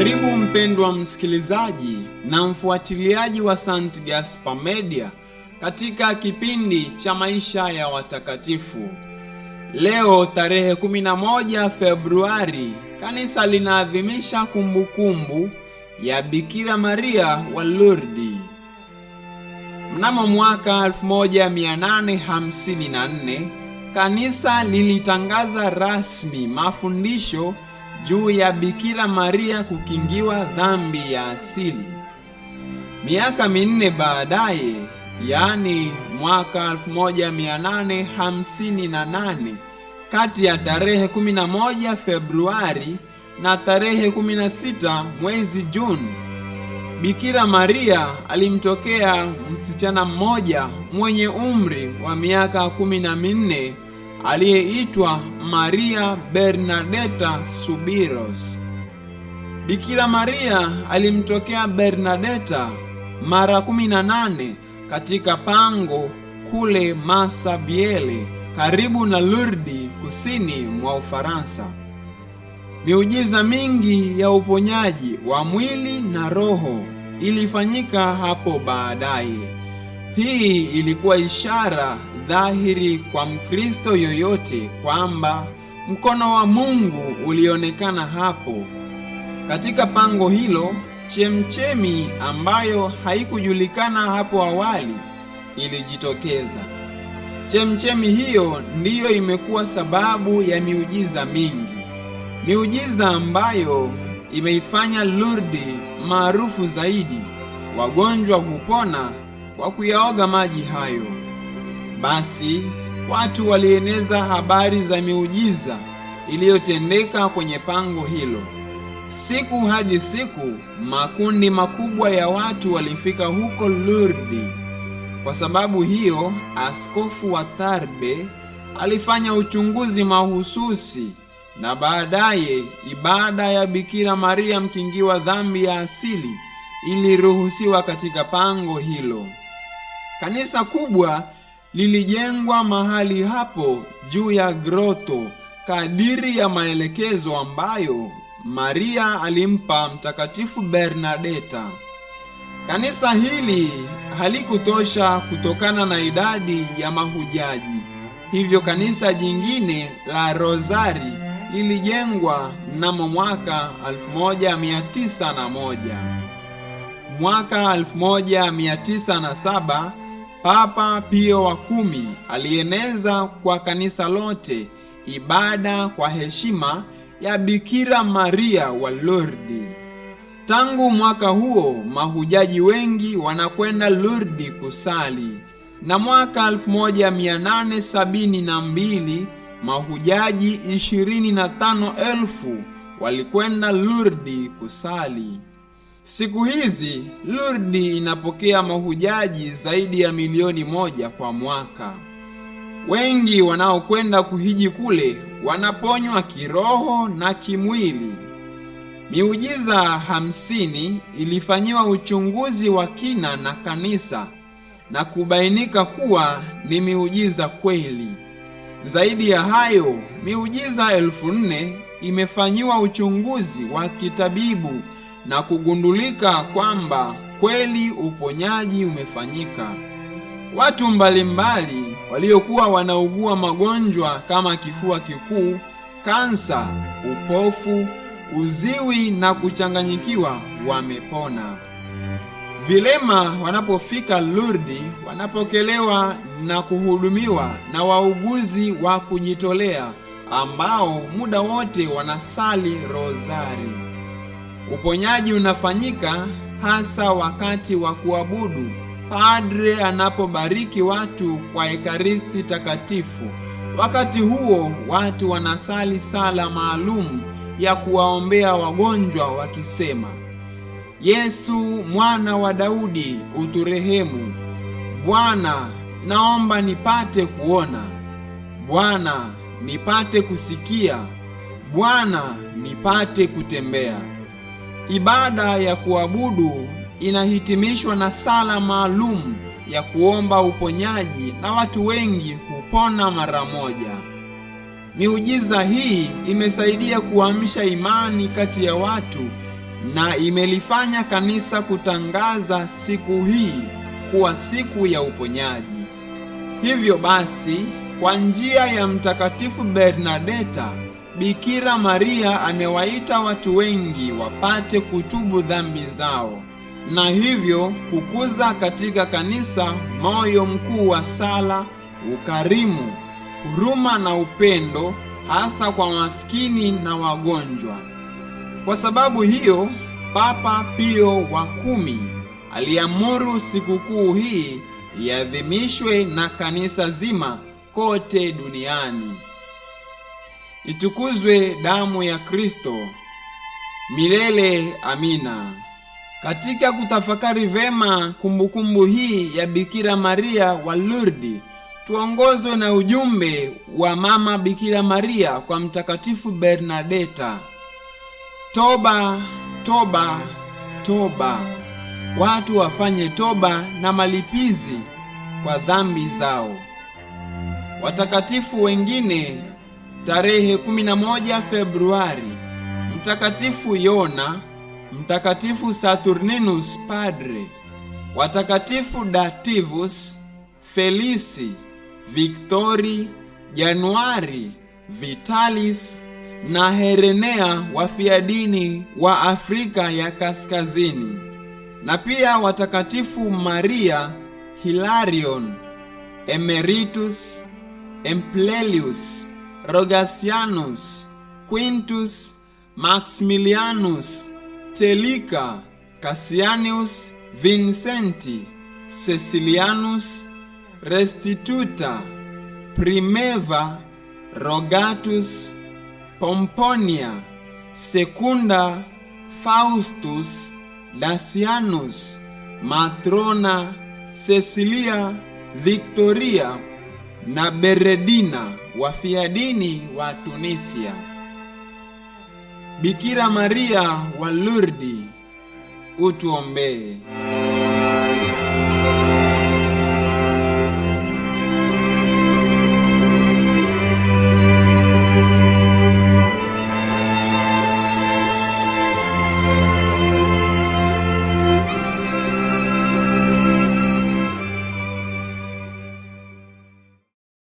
Karibu mpendwa msikilizaji na mfuatiliaji wa St. Gaspar Media katika kipindi cha maisha ya watakatifu. Leo tarehe 11 Februari, kanisa linaadhimisha kumbukumbu ya Bikira Maria wa lurdi Mnamo mwaka 1854 kanisa lilitangaza rasmi mafundisho juu ya Bikira Maria kukingiwa dhambi ya asili. Miaka minne baadaye, yaani mwaka 1858 kati ya tarehe 11 Februari na tarehe 16 mwezi Juni, Bikira Maria alimtokea msichana mmoja mwenye umri wa miaka kumi na minne aliyeitwa Maria Bernadetta Subiros. Bikira Maria alimtokea Bernadetta mara 18 katika pango kule Masabiele karibu na Lurdi kusini mwa Ufaransa. Miujiza mingi ya uponyaji wa mwili na roho ilifanyika hapo baadaye. Hii ilikuwa ishara dhahiri kwa Mkristo yoyote kwamba mkono wa Mungu ulionekana hapo. Katika pango hilo, chemchemi ambayo haikujulikana hapo awali ilijitokeza. Chemchemi hiyo ndiyo imekuwa sababu ya miujiza mingi, miujiza ambayo imeifanya Lurdi maarufu zaidi. Wagonjwa hupona kwa kuyaoga maji hayo. Basi watu walieneza habari za miujiza iliyotendeka kwenye pango hilo. Siku hadi siku, makundi makubwa ya watu walifika huko Lurdi. Kwa sababu hiyo, askofu wa Tarbe alifanya uchunguzi mahususi na baadaye ibada ya Bikira Maria mkingiwa dhambi ya asili iliruhusiwa katika pango hilo. Kanisa kubwa lilijengwa mahali hapo juu ya groto kadiri ya maelekezo ambayo Maria alimpa Mtakatifu Bernadeta. Kanisa hili halikutosha kutokana na idadi ya mahujaji. Hivyo kanisa jingine la rosari lilijengwa mnamo mwaka 1901. Mwaka 1907 Papa Pio wa kumi alieneza kwa kanisa lote ibada kwa heshima ya Bikira Maria wa Lourdes. Tangu mwaka huo mahujaji wengi wanakwenda lurdi kusali, na mwaka 1872 mahujaji 25,000 walikwenda lurdi kusali. Siku hizi Lurdi inapokea mahujaji zaidi ya milioni moja kwa mwaka. Wengi wanaokwenda kuhiji kule wanaponywa kiroho na kimwili. Miujiza hamsini ilifanyiwa uchunguzi wa kina na kanisa na kubainika kuwa ni miujiza kweli. Zaidi ya hayo, miujiza elfu nne imefanyiwa uchunguzi wa kitabibu na kugundulika kwamba kweli uponyaji umefanyika. Watu mbalimbali waliokuwa wanaugua magonjwa kama kifua kikuu, kansa, upofu, uziwi na kuchanganyikiwa wamepona. Vilema wanapofika Lurdi wanapokelewa na kuhudumiwa na wauguzi wa kujitolea ambao muda wote wanasali rozari. Uponyaji unafanyika hasa wakati wa kuabudu, padre anapobariki watu kwa ekaristi takatifu. Wakati huo watu wanasali sala maalum ya kuwaombea wagonjwa wakisema: Yesu mwana wa Daudi, uturehemu. Bwana, naomba nipate kuona. Bwana, nipate kusikia. Bwana, nipate kutembea. Ibada ya kuabudu inahitimishwa na sala maalum ya kuomba uponyaji na watu wengi hupona mara moja. Miujiza hii imesaidia kuamsha imani kati ya watu na imelifanya kanisa kutangaza siku hii kuwa siku ya uponyaji. Hivyo basi, kwa njia ya Mtakatifu Bernadeta Bikira Maria amewaita watu wengi wapate kutubu dhambi zao na hivyo kukuza katika kanisa moyo mkuu wa sala, ukarimu, huruma na upendo hasa kwa maskini na wagonjwa. Kwa sababu hiyo, Papa Pio wa kumi aliamuru sikukuu hii iadhimishwe na kanisa zima kote duniani. Itukuzwe damu ya Kristo! Milele amina. Katika kutafakari vema kumbukumbu hii ya Bikira Maria wa Lourdes, tuongozwe na ujumbe wa Mama Bikira Maria kwa Mtakatifu Bernadeta: toba, toba, toba. Watu wafanye toba na malipizi kwa dhambi zao. Watakatifu wengine tarehe 11 Februari, Mtakatifu Yona, Mtakatifu Saturninus Padre, watakatifu Dativus, Felisi, Viktori, Januari, Vitalis na Herenea wafiadini wa Afrika ya Kaskazini, na pia watakatifu Maria, Hilarion, Emeritus, Emplelius Rogasianus, Quintus, Maximilianus, Telica, Cassianus, Vincenti, Cecilianus, Restituta, Primeva, Rogatus, Pomponia, Secunda, Faustus, Lasianus, Matrona, Cecilia, Victoria na Beredina wafiadini wa Tunisia, Bikira Maria wa lurdi utuombee.